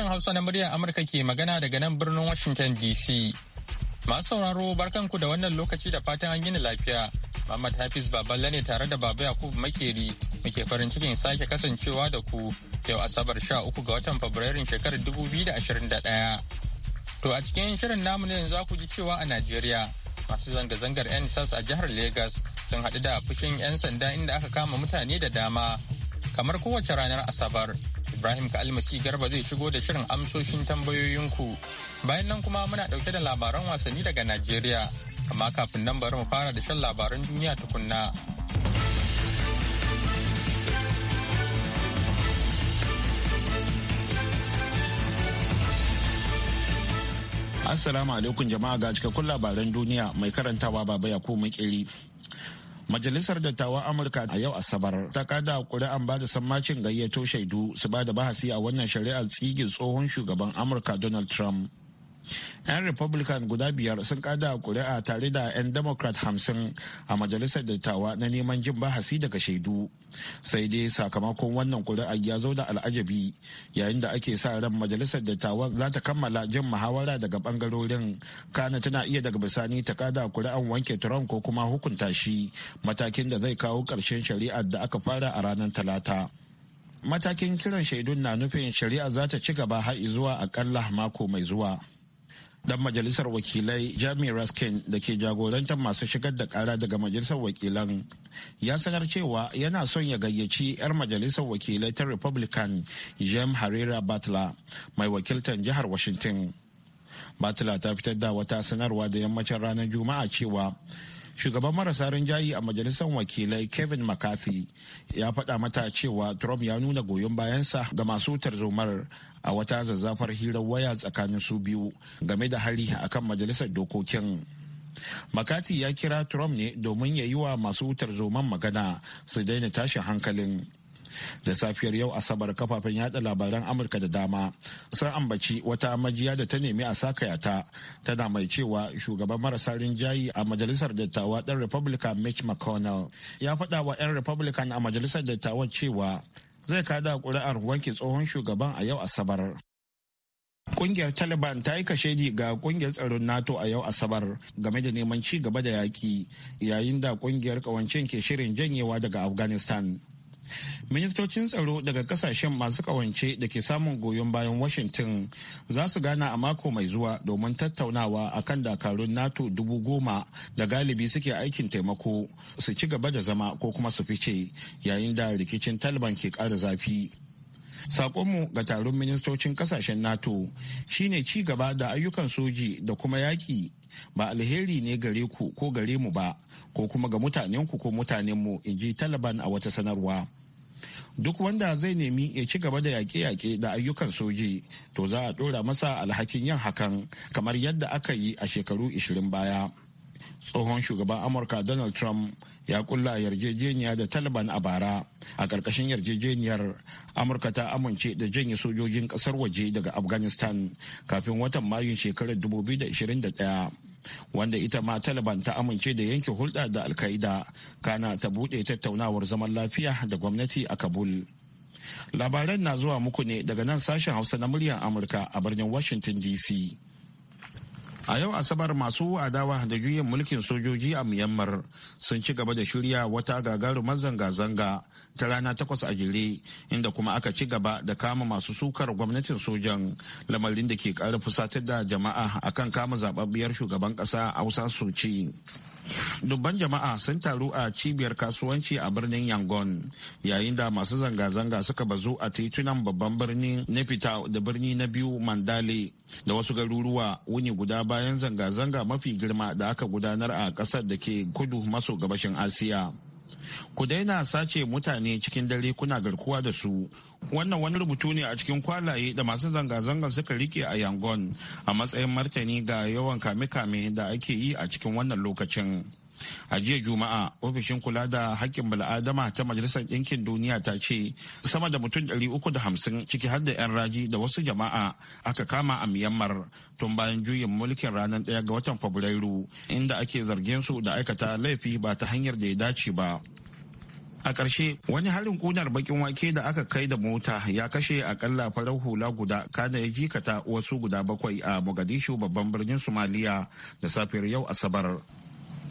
Sashen Hausa na muryar Amurka ke magana daga nan birnin Washington DC. Masu sauraro barkanku da wannan lokaci da fatan an gina lafiya. Muhammad Hafiz Baballe ne tare da Baba Yakubu Makeri muke farin cikin sake kasancewa da ku yau Asabar 13 ga watan Fabrairun shekarar 2021. To a cikin shirin namu ne za ku ji cewa a Najeriya masu zanga-zangar 'yan sas a jihar Legas sun haɗu da fushin 'yan sanda inda aka kama mutane da dama kamar kowace ranar Asabar. Ibrahim Kalmasi Garba zai shigo da shirin amsoshin tambayoyinku. Bayan nan kuma muna ɗauke da labaran wasanni daga Najeriya. Amma kafin nan bari mu fara da shan labaran duniya tukunna. Assalamu alaikum jama'a ga cikakkun labaran duniya mai karantawa baba ya ko makili. Majalisar Dattawan Amurka a yau Asabar ta kada kuri'an ba da sammacin gayyato shaidu su ba da bahasi a wannan shari'ar tsigin tsohon shugaban Amurka Donald Trump. 'yan republican guda biyar sun kada kuri'a tare da 'yan democrat hamsin a majalisar dattawa na neman jin bahasi daga shaidu sai dai sakamakon wannan kuri'a ya zo da al'ajabi yayin da ake sa ran majalisar dattawa za ta kammala jin muhawara daga bangarorin kana tana iya daga bisani ta kada kuri'an wanke trump ko kuma hukunta shi matakin da zai kawo ƙarshen shari'ar da aka fara a ranar talata matakin kiran shaidun na nufin shari'a za ta ci gaba har zuwa akalla mako mai zuwa dan majalisar wakilai jami raskin da ke jagorantar masu shigar da kara daga majalisar wakilan ya sanar cewa yana son ya gayyaci 'yar majalisar wakilai ta republican jem harira batla mai wakiltar jihar washington batla ta fitar da wata sanarwa da yammacin ranar juma'a cewa shugaban marasa rinjayi a majalisar wakilai kevin mccarthy ya faɗa mata cewa trump ya nuna goyon bayansa ga masu tarzomar a wata zazzafar hirar waya tsakanin su biyu game da hali akan majalisar dokokin mccarthy ya kira trump ne domin ya yi wa masu tarzoman magana su daina tashin hankalin da safiyar yau asabar kafafen yada labaran amurka da dama sun ambaci wata majiya da ta nemi a sakaya ta tana mai cewa shugaban marasa rinjayi a majalisar dattawa dan republican mitch mcconnell ya faɗa wa 'yan republican a majalisar dattawa cewa zai kada kuri'ar wanke tsohon shugaban a yau asabar Kungiyar Taliban ta yi kashedi ga kungiyar tsaron NATO a yau Asabar game da neman ci gaba da yaƙi yayin da kungiyar kawancin ke shirin janyewa daga Afghanistan. ministocin tsaro daga kasashen masu kawance da ke samun goyon bayan washington za su gana a mako mai zuwa domin tattaunawa akan dakarun nato dubu goma da galibi suke aikin taimako su ci gaba da zama ko kuma su fice yayin da rikicin taliban ke kara zafi sakonmu ga taron ministocin kasashen nato shine ci gaba da ayyukan soji da kuma yaƙi ba alheri ne gare ku ko gare mu ba ko kuma ga mutanenku ko mutanenmu in ji taliban a wata sanarwa duk wanda zai nemi ya ci gaba da yaƙe-yaƙe da ayyukan soji to za a ɗora masa alhakin yin hakan kamar yadda aka yi a shekaru 20 baya tsohon shugaban amurka donald trump ya kulla yarjejeniya da taliban a bara a ƙarƙashin yarjejeniyar amurka ta amince da janye sojojin ƙasar waje daga afghanistan kafin watan mayun shekarar 2021 wanda ita ma taliban ta amince da yanke hulɗa da alkaida kana ta buɗe tattaunawar zaman lafiya da gwamnati a kabul labaran na zuwa muku ne daga nan sashen hausa na muryar amurka a birnin washington dc a yau asabar masu adawa da juyin mulkin sojoji a myanmar sun ci gaba da shirya wata gagarumar zanga-zanga ta rana takwas a jere inda kuma aka ci gaba da kama masu sukar gwamnatin sojan lamarin da ke karfi fusatar da jama'a akan kama zababbiyar shugaban kasa hausa soci dubban jama'a sun taru a cibiyar kasuwanci a birnin yangon yayin da masu zanga-zanga suka bazu a titunan babban birnin nefita da birni na biyu mandale da wasu garuruwa wuni guda bayan zanga-zanga mafi girma da aka gudanar a ƙasar da ke kudu maso gabashin asiya ku daina sace mutane cikin dare kuna garkuwa da su wannan wani rubutu ne a cikin kwalaye da masu zanga-zanga suka rike a yangon a matsayin martani ga yawan kame-kame da ake yi a cikin wannan lokacin a jiya juma'a ofishin kula da hakkin bala'adama ta majalisar ɗinkin duniya ta ce sama da mutum ɗari uku da hamsin ciki har da 'yan raji da wasu jama'a aka kama a myanmar tun bayan juyin mulkin ranar ɗaya ga watan fabrairu inda ake zargin su da aikata laifi ba ta hanyar da ya dace ba a ƙarshe wani harin ƙunar bakin wake da aka kai da mota ya kashe akalla farar hula guda kana ya jikata wasu guda bakwai a mogadishu babban birnin somaliya da safiyar yau asabar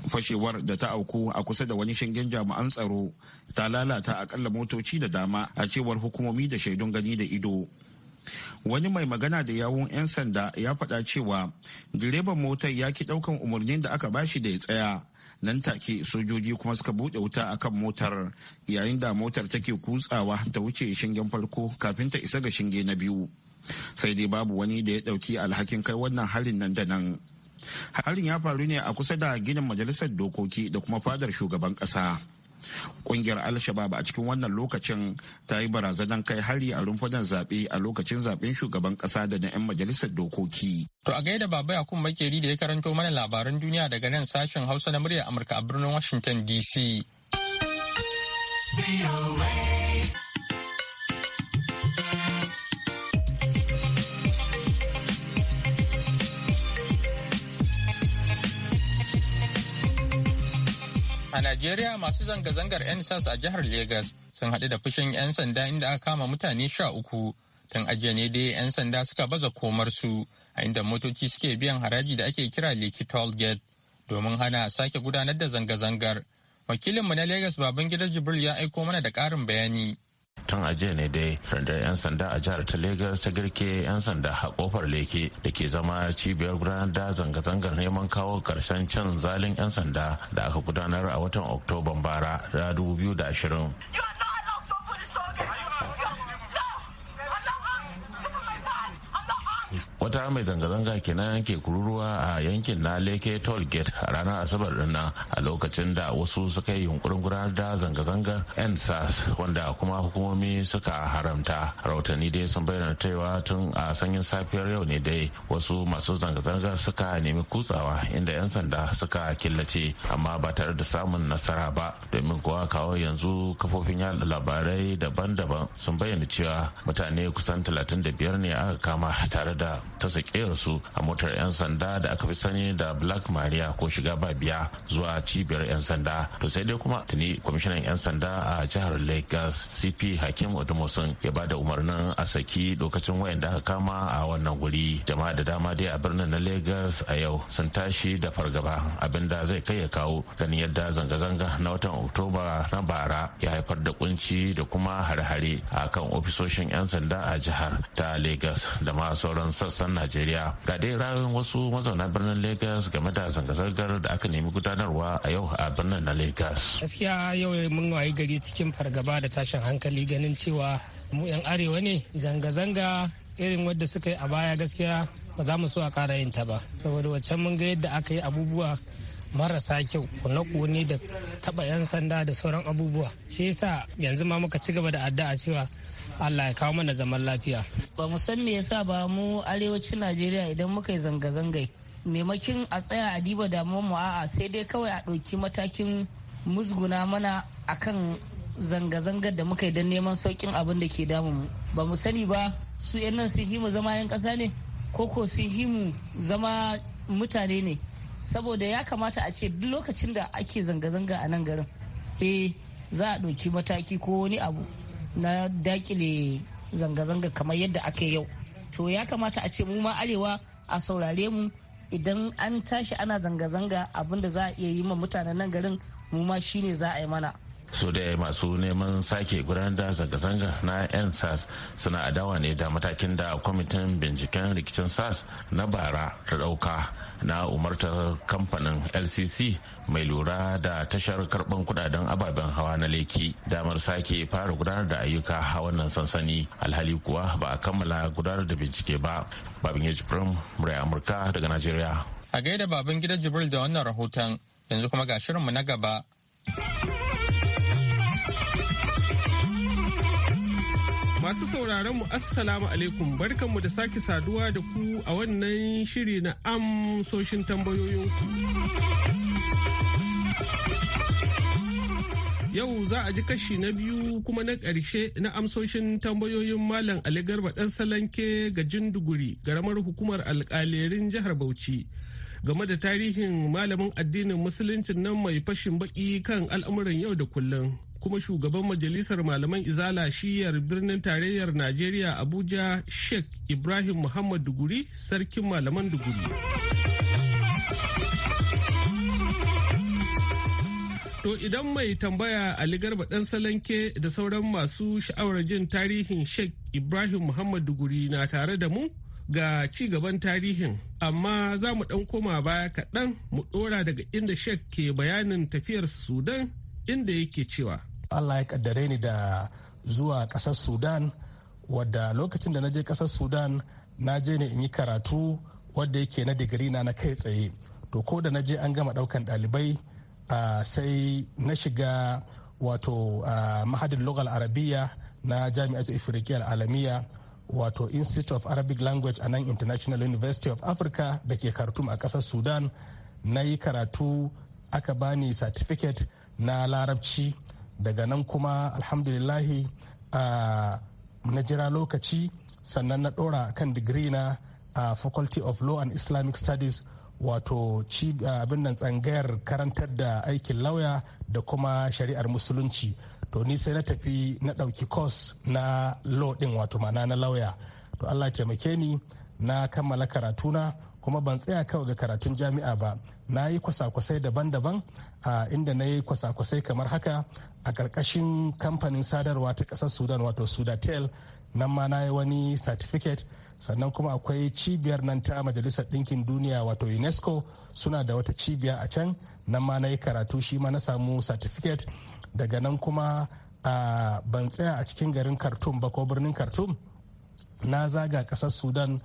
fashewar da ta auku a kusa da wani shingen jami'an tsaro ta lalata akalla motoci da dama a cewar hukumomi da shaidun gani da ido wani mai magana da yawun 'yan sanda ya faɗa cewa direban motar ya ki ɗaukan umarnin da aka bashi da ya tsaya nan take sojoji kuma suka buɗe wuta akan motar yayin da motar take kutsawa ta wuce shingen farko kafin ta isa ga shinge na biyu sai dai babu wani da ya ɗauki alhakin kai wannan halin nan da nan harin ya faru ne a kusa da ginin majalisar dokoki da kuma fadar shugaban kasa kungiyar al-shabab a cikin wannan lokacin ta yi barazanar kai hari a rumfunan zaɓe a lokacin zaɓen shugaban ƙasa da na 'yan majalisar dokoki. To a gaida baba ya kuma makeri da ya karanto mana labaran duniya daga nan sashen hausa na muryar amurka a birnin washington dc. A Najeriya masu zanga-zangar 'yan sas a jihar Legas sun haɗu da fushin 'yan sanda inda aka kama mutane sha uku. Tun ajiya ne dai 'yan sanda suka baza komar su a inda motoci suke biyan haraji da ake kira Lekki Toll Gate domin hana sake gudanar da zanga-zangar. Wakilinmu na Legas Babangida Jibril ya aiko mana da ƙarin bayani. tun a ne dai rundunar 'yan sanda a jihar ta lagos ta girke 'yan sanda a kofar leke da ke zama cibiyar gudanar da zanga-zangar neman kawo karshen cin zalin 'yan sanda da aka gudanar a watan oktoban bara da 2020 wata mai zanga-zanga kenan ke kururuwa a yankin na leke toll gate a ranar asabar din a lokacin da wasu suka yi yunkurin gudanar da zanga-zangar nsas wanda kuma hukumomi suka haramta rahotanni dai sun bayyana cewa tun a sanyin safiyar yau ne dai wasu masu zanga zanga suka nemi kutsawa inda 'yan sanda suka killace amma ba tare da samun nasara ba domin kuwa kawo yanzu kafofin yada labarai daban-daban sun bayyana cewa mutane kusan talatin da biyar ne aka kama tare da ta sakeyar su a motar 'yan sanda da aka fi sani da black maria ko shiga ba biya zuwa cibiyar 'yan sanda to sai dai kuma tuni kwamishinan 'yan sanda a jihar lagos cp hakim odumosun ya ba da umarnin a saki lokacin wayan da aka kama a wannan guri jama'a da dama dai a birnin na lagos a yau sun tashi da fargaba abinda zai kai ya kawo ganin yadda zanga-zanga na watan oktoba na bara ya haifar da kunci da kuma hare-hare a kan ofisoshin 'yan sanda a jihar ta lagos da ma sauran sassan kasar najeriya ga dai ra'ayoyin wasu mazauna birnin lagos game da zanga-zangar da aka nemi gudanarwa a yau a birnin na lagos gaskiya yau mun wayi gari cikin fargaba da tashin hankali ganin cewa mu 'yan arewa ne zanga-zanga irin wadda suka yi a baya gaskiya ba za mu so a kara yin ta ba saboda waccan mun ga yadda aka yi abubuwa marasa kyau kuna da taba 'yan sanda da sauran abubuwa shi yasa yanzu ma muka ci gaba da addu'a cewa Allah ya kawo mana zaman lafiya. Ba mu san me yasa ba mu arewacin Najeriya idan muka yi zanga-zangai. Maimakin a tsaya a diba damuwar mu a'a sai dai kawai a ɗauki matakin musguna mana akan zanga-zangar da muka yi don neman saukin abin da ke damun mu. Ba mu sani ba su 'yan nan sun himu zama 'yan ƙasa ne ko ko sun himu zama mutane ne. Saboda ya kamata a ce duk lokacin da ake zanga-zanga a nan garin. Eh za a ɗauki mataki ko wani abu na dakile zanga-zanga kamar yadda aka yau to ya kamata a ce mu ma arewa a saurare mu idan an tashi ana zanga-zanga abinda za a iya yi ma mutanen nan garin mu ma shine za a yi mana su da masu neman sake gudanar da zanga zanga na 'yan sas suna adawa ne da matakin da kwamitin binciken rikicin sas na bara ta dauka na umartar kamfanin lcc mai lura da tashar karban kudaden ababen hawa na leki damar sake fara gudanar da ayyuka a wannan sansani alhali kuwa ba a kammala gudanar da bincike ba babin ya amurka daga najeriya a gaida baban gidan jibril da wannan rahoton yanzu kuma ga shirinmu na gaba Masu sauraron mu Assalamu alaikum barkanmu da sake saduwa da ku a wannan shiri na amsoshin tambayoyinku. Yau za a ji kashi na biyu kuma na ƙarshe na amsoshin tambayoyin Malam Ali Garba ɗan Salanke ga Jinduguri, garamar hukumar alƙalerin jihar Bauchi. game da tarihin malamin addinin musuluncin nan mai fashin baki kan al'amuran yau da kullum kuma shugaban majalisar malaman izala shiyar birnin tarayyar najeriya abuja sheikh ibrahim muhammad duguri sarkin malaman duguri to idan mai tambaya ali garba dan salanke da sauran masu sha'awar jin tarihin sheikh ibrahim muhammad duguri na tare da mu ga ci gaban tarihin amma za mu dan koma baya kaɗan mu ɗora daga inda sheikh ke bayanin tafiyar sudan inda yake cewa allah ya kaddare ni da zuwa kasar sudan wadda lokacin da na je kasar sudan na je ne in yi karatu wadda yake na digiri na na kai tsaye to ko da na je an gama daukan dalibai sai na shiga wato mahadin logal arabiya na jami'atu ifirikiyar alamiya wato institute of arabic language a nan international university of africa da ke khartoum a kasar sudan na yi karatu aka bani certificate na larabci daga nan kuma alhamdulillahi na jira lokaci sannan na ɗora kan digiri na a faculty of law and islamic studies wato abin nan tsangayar karantar da aikin lauya da kuma shari'ar musulunci to ni sai na tafi na ɗauki kos na law din wato ma'ana na lauya to allah taimake ni na kammala karatuna kuma ban tsaya kawai ga karatun jami'a ba na yi kwasa-kwasai daban-daban a inda na yi kwasa-kwasai kamar haka a ƙarƙashin kamfanin sadarwa ta ƙasar sudan wato sudatel nan ma na yi wani certificate sannan kuma akwai cibiyar nan ta majalisar ɗinkin duniya wato unesco suna da wata cibiya a can nan ma na yi karatu shi ma na samu certificate daga nan kuma a ban tsaya a cikin garin khartoum ba ko birnin khartoum na zaga ƙasar sudan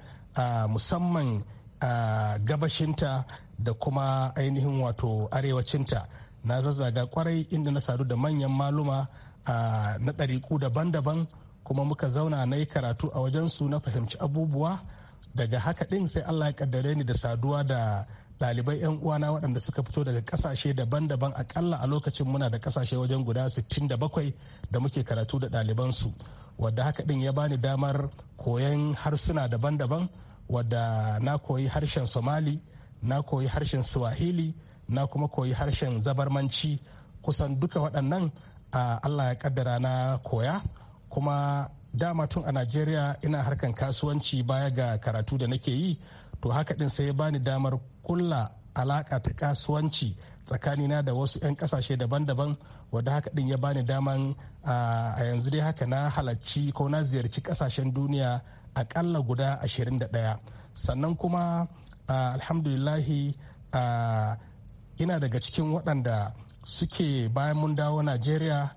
musamman a gabashinta da kuma ainihin wato arewacinta na zazzaga kwarai inda na sadu da manyan maluma na ɗariƙu daban-daban kuma muka zauna na yi karatu a wajensu na fahimci abubuwa daga haka ɗin sai allah ya kaddare ni da saduwa da ɗalibai 'yan uwana waɗanda suka fito daga ƙasashe daban-daban aƙalla a lokacin muna da ƙasashe wajen guda 67 da muke karatu da ɗalibansu wadda haka ɗin ya bani damar koyon harsuna daban-daban wadda na koyi harshen somali na koyi harshen swahili na kuma koyi harshen zabarmanci kusan duka waɗannan allah ya kaddara na koya kuma dama tun a najeriya ina harkan kasuwanci baya ga karatu da nake yi to haka ɗin sai ya bani damar kulla alaƙa ta kasuwanci tsakanina da wasu 'yan ƙasashe daban-daban wadda haka ɗin ya bani daman a yanzu dai haka na halarci ko na ziyarci ƙasashen duniya akalla guda 21 sannan kuma alhamdulillahi ina daga cikin waɗanda suke bayan mun dawo najeriya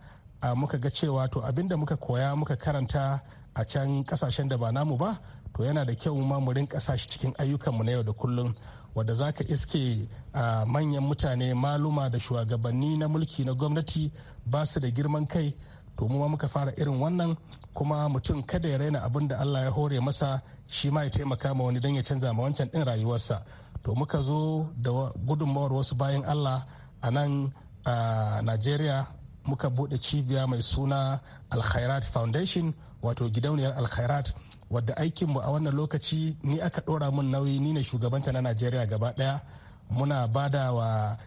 muka ga cewa to abinda muka koya muka karanta a can kasashen da ba namu ba to yana da kyau ma mu rinka sashi cikin ayyukanmu na yau da kullum wadda za ka iske a manyan mutane maluma da shugabanni na mulki na gwamnati ba su da girman kai to mu ma muka fara irin wannan kuma mutum kada ya raina abin da Allah ya hore masa shi ma ya taimaka ma wani don ya canza ma wancan din rayuwarsa to muka zo da gudunmawar wasu bayan Allah a nan a Najeriya muka bude cibiya mai suna Alkhairat Foundation wato gidauniyar Alkhairat wadda aikin mu a wannan lokaci ni aka dora mun nauyi ni ne shugabanta na Najeriya gaba daya muna bada wa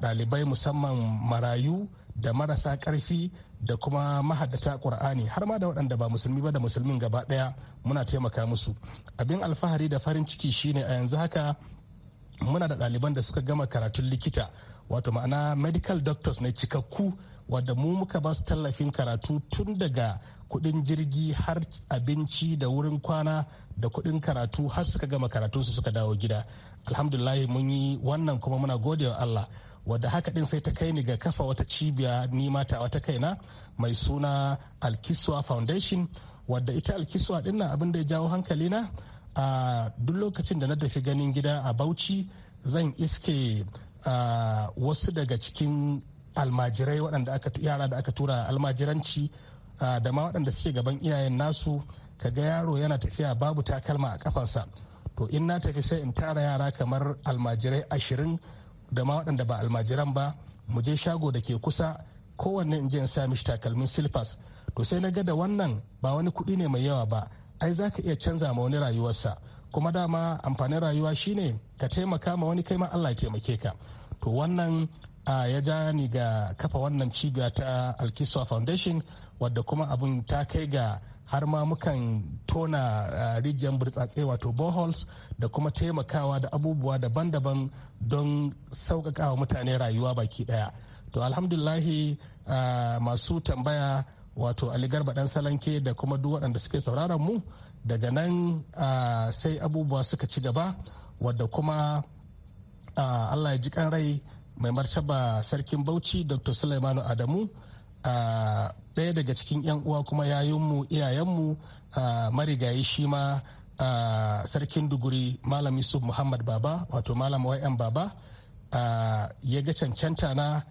ɗalibai musamman marayu da marasa karfi da kuma mahaddata qur'ani har ma da waɗanda ba musulmi ba da musulmin gaba ɗaya muna taimaka musu abin alfahari da farin ciki shine a yanzu haka muna da ɗaliban da suka gama karatun likita wato ma'ana medical doctors ne cikakku wadda mu muka ba su tallafin karatu tun daga kuɗin jirgi har abinci da wurin kwana da kuɗin karatu har suka gama karatun su suka dawo gida alhamdulillah mun yi wannan kuma muna gode wa allah wadda haka din sai ta kai ni ga kafa wata cibiya ni mata wata kaina mai suna alkiswa foundation wadda ita alkiswa din nan abin da ya jawo hankalina a duk lokacin da na tafi ganin gida a bauchi zan iske wasu daga cikin almajirai waɗanda aka yara da aka tura almajiranci da ma waɗanda suke gaban iyayen nasu kaga yaro yana tafiya babu takalma a kafansa to in na tafi sai in tara yara kamar almajirai ashirin da ma waɗanda ba almajiran ba mu je shago da ke kusa kowanne in je in sa mishi takalmin silfas to sai na ga da wannan ba wani kuɗi ne mai yawa ba ai za ka iya canza ma wani rayuwarsa kuma dama amfanin rayuwa shine ka taimaka ma wani kai ma Allah ya taimake ka to wannan ya ja ni ga kafa wannan cibiya ta alkiswa foundation wadda kuma abin ta kai ga har ma mukan tona eh, rijiyar burtsatse wato boreholes da kuma taimakawa da abubuwa daban-daban don wa mutane rayuwa baki ɗaya to alhamdulahi eh, masu tambaya wato aligarba ɗan salanke da kuma duk waɗanda suke sauraron mu daga nan eh, sai abubuwa suka ci gaba wadda kuma allah ya ji rai mai martaba sarkin bauchi dr suleimanu adamu ɗaya daga cikin 'yan uwa kuma mu yayinmu iyayenmu marigayi shi ma sarkin duguri malam yusuf muhammad baba wato malam wayan baba ya ga cancanta na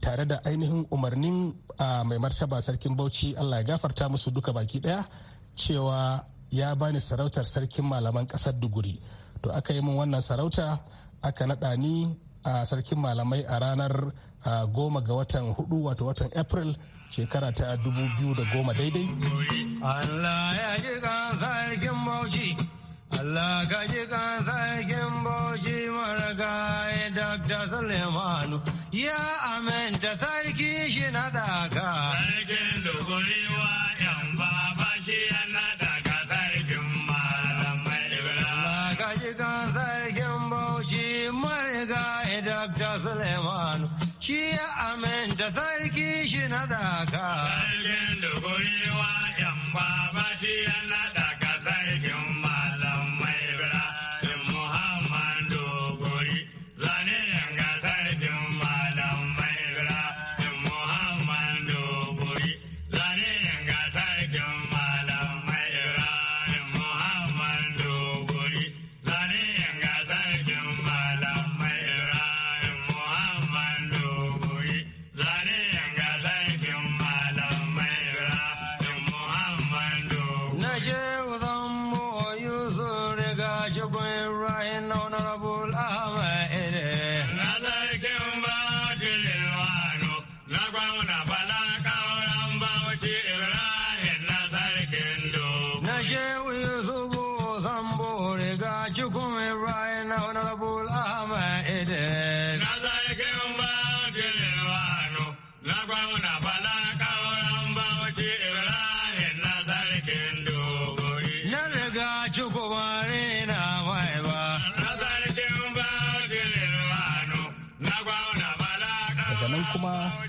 tare da ainihin umarnin mai martaba sarkin bauchi allah ya gafarta musu duka baki ɗaya. cewa ya bani sarautar sarkin malaman kasar duguri to aka yi min wannan sarauta aka naɗa ni a sarkin malamai a ranar a goma ga watan hudu wato watan april shekara ta dubu biyu da goma daidai Allah ya ji kan sarkin bauchi Allah ka ji ya aminta sarki shi na sadaka. Sarkin duburi wa ‘yan ba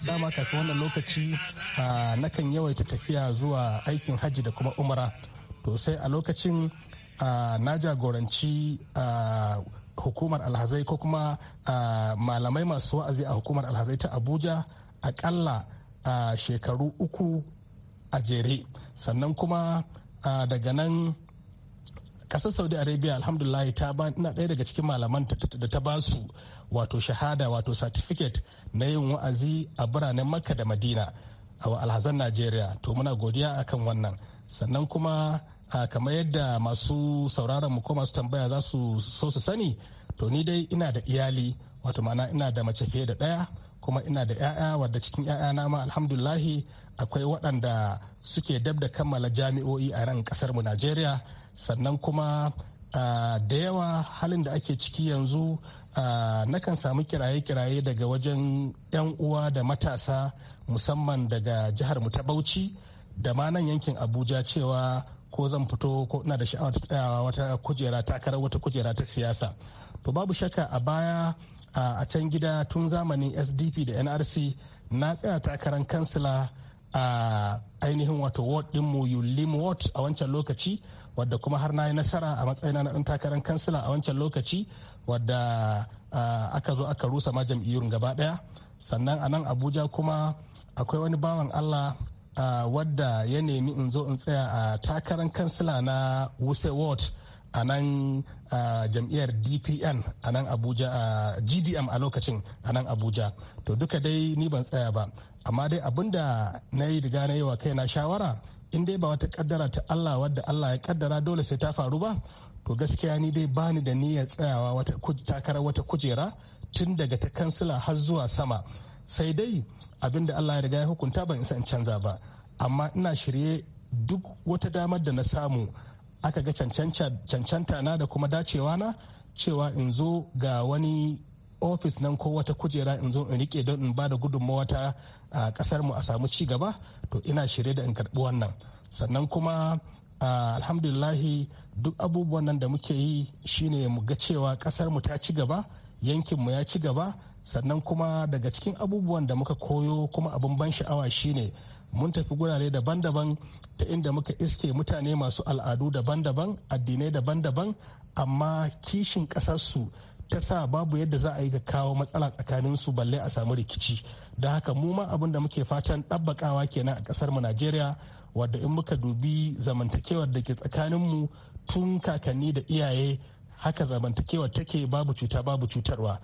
dama kafin wannan lokaci na kan yawaita tafiya zuwa aikin hajji da kuma umara to sai a lokacin na jagoranci hukumar alhazai ko kuma malamai masu wa'azi a hukumar alhazai ta abuja akalla shekaru uku a jere sannan kuma daga nan kasar saudi arabia alhamdulillah ta ba ina ɗaya daga cikin malaman da ta ba su wato shahada wato certificate na yin wa'azi a biranen makka da madina a alhazan najeriya to muna godiya akan wannan sannan kuma kamar yadda masu sauraron mu ko masu tambaya za su so su sani to ni dai ina da iyali wato ma'ana ina da mace fiye da ɗaya kuma ina da 'ya'ya wadda cikin 'ya'yana ma alhamdulahi akwai waɗanda suke dab da kammala jami'o'i a ran ƙasar mu najeriya sannan kuma da yawa halin da ake ciki yanzu nakan samu kiraye-kiraye daga wajen 'yan uwa da matasa musamman daga jihar mu ta bauchi da ma nan yankin abuja cewa ko zan fito ko ina da sha'awar tsayawa wata kujera takarar wata kujera ta siyasa to babu shakka a baya a can gida tun zamanin sdp da nrc na tsaya takarar kansila a ainihin wato ward mu yulimu ward a wancan lokaci wadda kuma har na yi nasara a matsayina na ɗan takarar kansila a wancan lokaci wadda aka zo aka rusa ma jam'iyyun gaba ɗaya sannan a nan abuja kuma akwai wani bawan allah wadda ya nemi in zo in tsaya a takarar kansila na wuse ward a nan jam'iyyar dpn a nan abuja a gdm a lokacin a nan abuja to duka dai ni ban tsaya ba amma dai abinda na yi riga na yi wa kaina shawara in dai ba wata kaddara ta Allah wadda Allah ya kaddara dole sai ta faru ba to gaskiya ni dai bani da niyyar tsayawa wata takarar wata kujera tun daga ta kansila har zuwa sama sai dai abin da Allah ya riga ya hukunta ban isa in canza ba amma ina shirye duk wata damar da na samu aka ga cancanta na da kuma dacewa na cewa in zo ga wani ofis nan ko wata kujera in zo in rike don in ba da gudunmawa ta kasar mu a samu ci gaba to ina shirye da in karbi wannan sannan kuma alhamdulillahi duk abubuwan nan da muke yi shine mu ga cewa kasar mu ta ci gaba yankin mu ya ci gaba sannan kuma daga cikin abubuwan da muka koyo kuma abin ban sha'awa shine mun tafi gurare daban-daban ta inda muka iske mutane masu al'adu daban-daban addinai daban-daban amma kishin ƙasarsu ta sa babu yadda za a yi ga kawo matsala tsakanin su balle a samu rikici da haka mu ma abin da muke fatan ɗabbakawa kenan a ƙasar mu najeriya wadda in muka dubi zamantakewar da ke tsakanin mu tun kakanni da iyaye haka zamantakewar take babu cuta babu cutarwa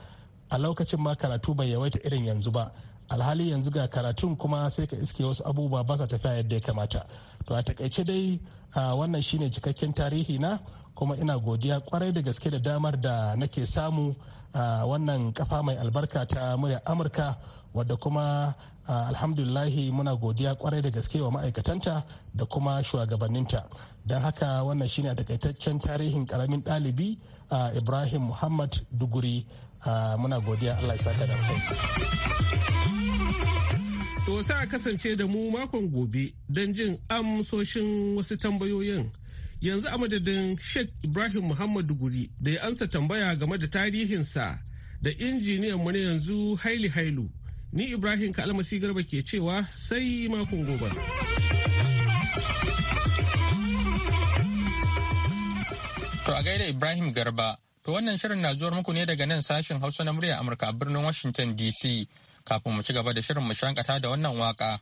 a lokacin ma karatu bai yawaita irin yanzu ba alhali yanzu ga karatun kuma sai ka iske wasu abubuwa ba sa tafiya yadda ya kamata to a takaice dai wannan shine cikakken tarihi na kuma ina godiya kwarai da gaske da damar da nake samu a wannan kafa mai albarka ta murya amurka wadda kuma alhamdulillahi muna godiya kwarai da gaske wa ma'aikatanta da kuma shugabanninta don haka wannan shine takaitaccen tarihin karamin ɗalibi ibrahim muhammad duguri muna godiya allah ya saka da To sa kasance da mu makon gobe don jin amsoshin wasu tambayoyin yanzu a madadin sheikh ibrahim muhammadu guri da ya ansa tambaya game da tarihinsa da injiniyan mu na yanzu haili hailu ni ibrahim kalmasi garba ke cewa sai makon gobe to a gaida ibrahim garba to wannan shirin na zuwar muku ne daga nan sashen hausa na murya amurka a birnin washington dc kafin mu ci gaba da shirin mu shankata da wannan waka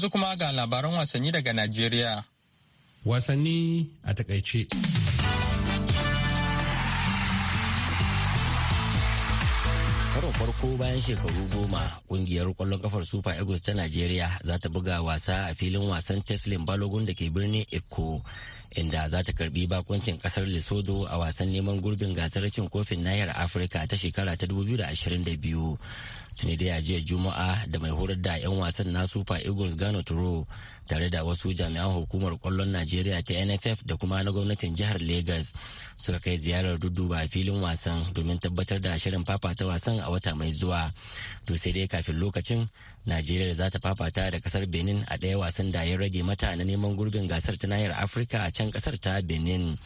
yanzu kuma ga labaran wasanni daga Najeriya. Wasanni a takaice. Karo farko bayan shekaru goma kungiyar kwallon kafar super eagles ta najeriya za ta buga wasa a filin wasan teslin balogun da ke birnin eko inda za ta karbi bakuncin kasar lesotho a wasan neman gurbin gasar cin kofin nahiyar afirka ta shekara ta 2022 tuni jiya juma'a da mai horar da 'yan wasan na super eagles gano turo tare da wasu jami'an hukumar kwallon najeriya ta nff da kuma na gwamnatin jihar lagos suka kai ziyarar duduba filin wasan domin tabbatar da shirin fafata wasan a wata mai zuwa to sai dai kafin lokacin najeriya za ta fafata da kasar benin a ɗaya wasan da ya rage mata na neman gurbin gasar ta nahiyar afirka a can kasar ta benin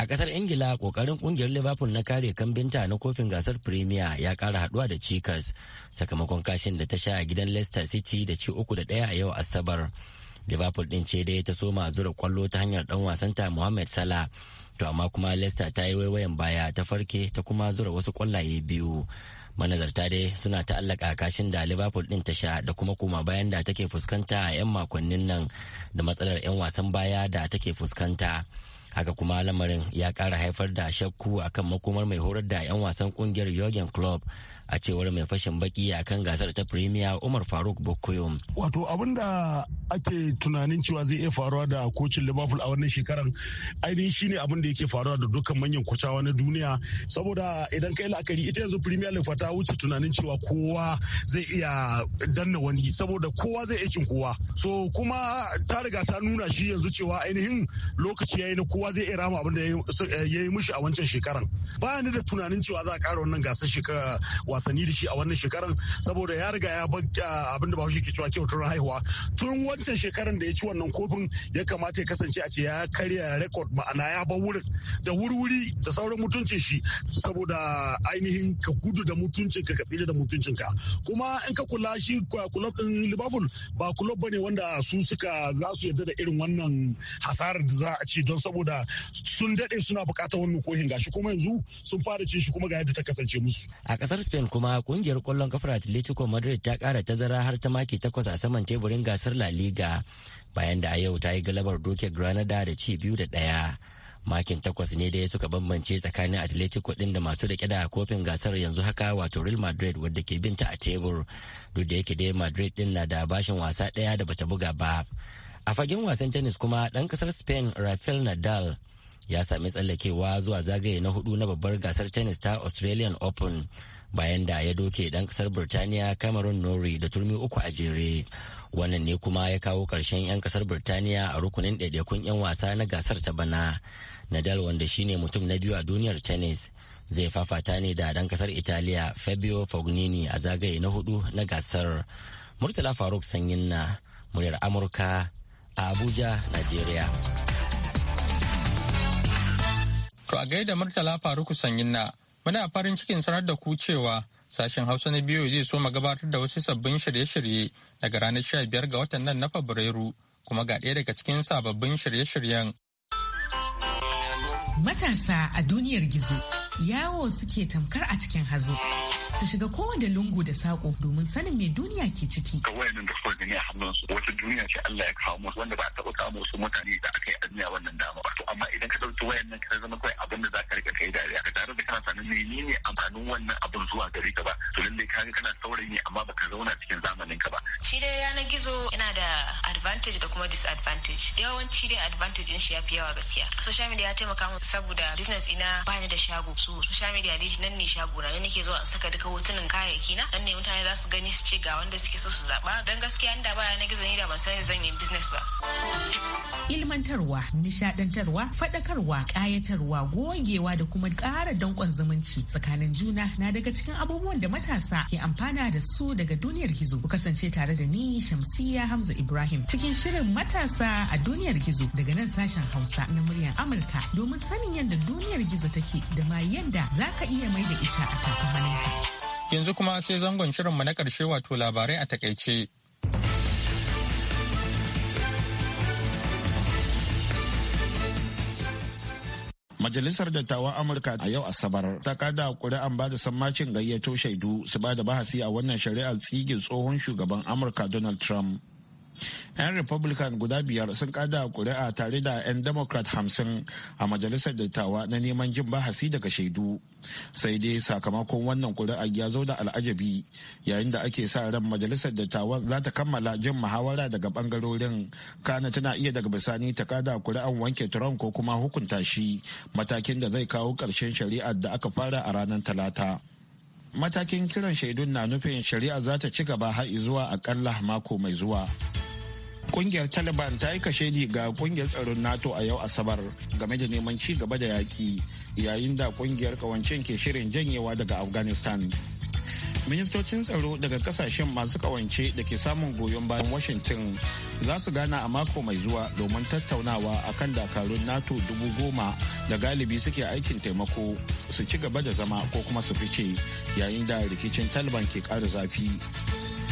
a kasar ingila kokarin kungiyar liverpool na kare kambinta na kofin gasar premier ya kara haduwa da cikas sakamakon kashin da ta sha a gidan leicester city da ci uku da daya a yau asabar liverpool din ce dai ta soma zura kwallo ta hanyar dan wasanta mohamed salah to amma kuma leicester ta yi waiwayan baya ta farke ta kuma zura wasu kwallaye biyu manazarta dai suna ta ta'allaka kashin da liverpool din ta sha da kuma kuma bayan da take fuskanta a 'yan makonnin nan da matsalar 'yan wasan baya da take fuskanta haka kuma lamarin ya kara haifar da shakku akan makomar mai horar da 'yan wasan kungiyar Jurgen Klopp a cewar mai fashin baki a kan gasar ta premier umar faruk bokoyom wato abin ake tunanin cewa zai iya faruwa da kocin liverpool a wannan shekaran ainihin shine abin da yake faruwa da dukkan manyan kwacawa na duniya saboda idan kai la'akari ita yanzu premier league ta wuce tunanin cewa kowa zai iya danna wani saboda kowa zai iya cin kowa so kuma ta riga ta nuna shi yanzu cewa ainihin lokaci yayi na kowa zai iya rama abin da ya yi mishi a wancan shekaran bayan da tunanin cewa za a kara wannan gasar shekara wasanni da shi a wannan shekaran saboda ya riga ya bar ah, abin da shi ke cewa kyautar haihuwa tun wancan shekaran da ya ci wannan kofin ya kamata ya kasance a ce ya karya rekod ma'ana ya bar wurin da wurwuri da sauran mutuncin shi saboda ainihin ka gudu da mutuncin ka tsira da mutuncin ka kuma in ka kula shi kulob din liverpool ba kulob bane wanda su suka za su yarda da irin wannan hasarar da za a ci don saboda sun dade suna bukatar wannan kohin gashi kuma yanzu sun fara cin shi kuma ga yadda ta kasance musu a kasar spain kuma kungiyar kwallon kafar atletico madrid ta kara tazara har ta maki takwas a saman teburin gasar la liga bayan da a yau ta yi galabar doke granada da ci biyu da ɗaya makin takwas ne dai suka bambance tsakanin atletico ɗin da masu rike da kofin gasar yanzu haka wato real madrid wadda ke binta a tebur duk da yake dai madrid din na da bashin wasa ɗaya da bata buga ba a fagen wasan tennis kuma ɗan kasar spain rafael nadal ya sami tsallakewa zuwa zagaye na hudu na babbar gasar tennis ta australian open bayan da ya doke ɗan kasar Birtaniya Cameron nori da turmi uku a jere. Wannan ne kuma ya kawo ƙarshen 'yan kasar Birtaniya a rukunin ɗaiɗaikun 'yan wasa na gasar ta bana. Nadal wanda shine mutum na biyu a duniyar tennis zai fafata ne da dan kasar Italiya Fabio Fognini a zagaye na hudu na gasar. Murtala Faruk Sanyin na muryar Amurka a Abuja, Najeriya. To a gaida Murtala faruk Sanyin na Muna farin cikin sanar da ku cewa sashen Hausa na biyu zai so gabatar da wasu sabbin shirye-shirye daga ranar sha biyar ga watan nan na Fabrairu kuma ga ɗaya daga cikin sababbin shirye-shiryen. Matasa a duniyar gizo yawo suke tamkar a cikin hazo. su shiga kowane lungu da sako domin sanin me duniya ke ciki. Ga wayannan da suka gani a hannunsu wata duniya ce Allah ya kawo musu wanda ba a taɓa kawo musu mutane da aka yi a wannan dama ba. To amma idan ka ɗauki wayannan ka zama kawai abin da za ka riƙa kai dariya ka tare da kana sanin menene amfanin wannan abin zuwa gari ka ba. To lallai ka ga kana saurayi amma ba ka zauna cikin zamanin ka ba. Shi dai yanar gizo yana da advantage da kuma disadvantage. Yawanci dai advantage in shi ya fi yawa gaskiya. Social media ya taimaka min saboda business ina bani da shago. So social media dai nan ne shago na ne nake zuwa saka duka hotunan kayayyaki na dan ne mutane za su gani su ce ga wanda suke so su zaba dan gaskiya inda ba na gizo ni da ban san zan yi business ba ilmantarwa nishadantarwa fadakarwa kayatarwa gogewa da kuma ƙara dankon zumunci tsakanin juna na daga cikin abubuwan da matasa ke amfana da su daga duniyar gizo ku kasance tare da ni shamsiya hamza ibrahim cikin shirin matasa a duniyar gizo daga nan sashen hausa na muryar amurka domin sanin yadda duniyar gizo take da ma yadda za ka iya mai da ita a takwamaninka. Yanzu kuma sai zangon shirinmu na ƙarshe wato labarai a takaice. Majalisar Dattawan Amurka a yau Asabar ta kada kuri'an ba da sammacin gayyato shaidu su ba da bahasi a wannan shari'ar tsigin tsohon shugaban Amurka Donald Trump. 'yan republican guda biyar sun kada kuri'a tare da 'yan democrat hamsin a majalisar dattawa na neman jin bahasi daga shaidu sai dai sakamakon wannan kuri'a ya zo da al'ajabi yayin da ake sa ran majalisar dattawa za ta kammala jin muhawara daga bangarorin kana tana iya daga bisani ta kada kuri'an wanke trump ko kuma hukunta shi matakin da zai kawo ƙarshen shari'ar da aka fara a ranar talata matakin kiran shaidun na nufin shari'a za ta ci gaba har zuwa akalla mako mai zuwa. kungiyar taliban ta yi kashedi ga kungiyar tsaron nato a yau asabar game da neman ci gaba da yaƙi yayin da kungiyar kawancen ke shirin janyewa daga afghanistan ministocin tsaro daga kasashen masu kawance da ke samun goyon bayan washington za su gana a mako mai zuwa domin tattaunawa akan dakarun nato dubu goma da galibi suke aikin taimako su ci gaba da zama ko kuma su fice yayin da rikicin taliban ke ƙara zafi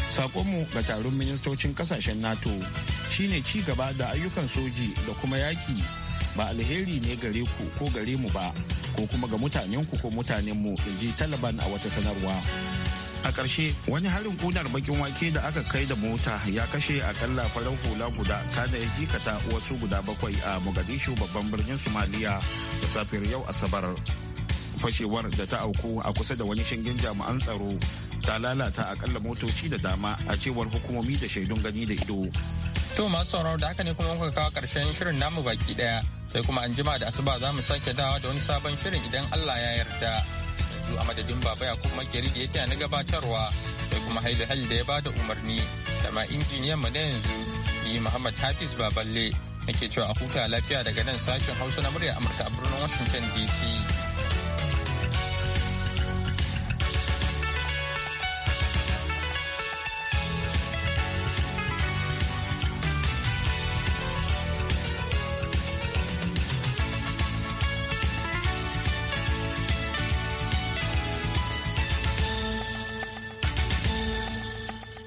Sakonmu ga taron ministocin kasashen NATO shine ci gaba da ayyukan soji da kuma yaki ba alheri ne gare ku ko gare mu ba ko kuma ga mutanenku ko mutanenmu inji Taliban a wata sanarwa. A ƙarshe wani harin kunar bakin wake da aka kai da mota ya kashe akalla farar hula guda kana ya jikata wasu guda bakwai a Mogadishu babban birnin Somalia da safiyar yau Asabar. Fashewar da ta auku a kusa da wani shingen jami'an tsaro ta lalata akalla motoci da dama a cewar hukumomi da shaidun gani da ido. To masu sauraro da haka ne kuma muka kawo karshen shirin namu baki daya sai kuma an jima da asuba za mu sake dawa da wani sabon shirin idan Allah ya yarda. Yanzu a madadin baba ya kuma gari da ya taya na gabatarwa sai kuma haili hali da ya ba da umarni da ma injiniyan mu na yanzu ni Muhammad Hafiz Baballe nake cewa a huta lafiya daga nan sashen Hausa na murya Amurka a birnin Washington DC.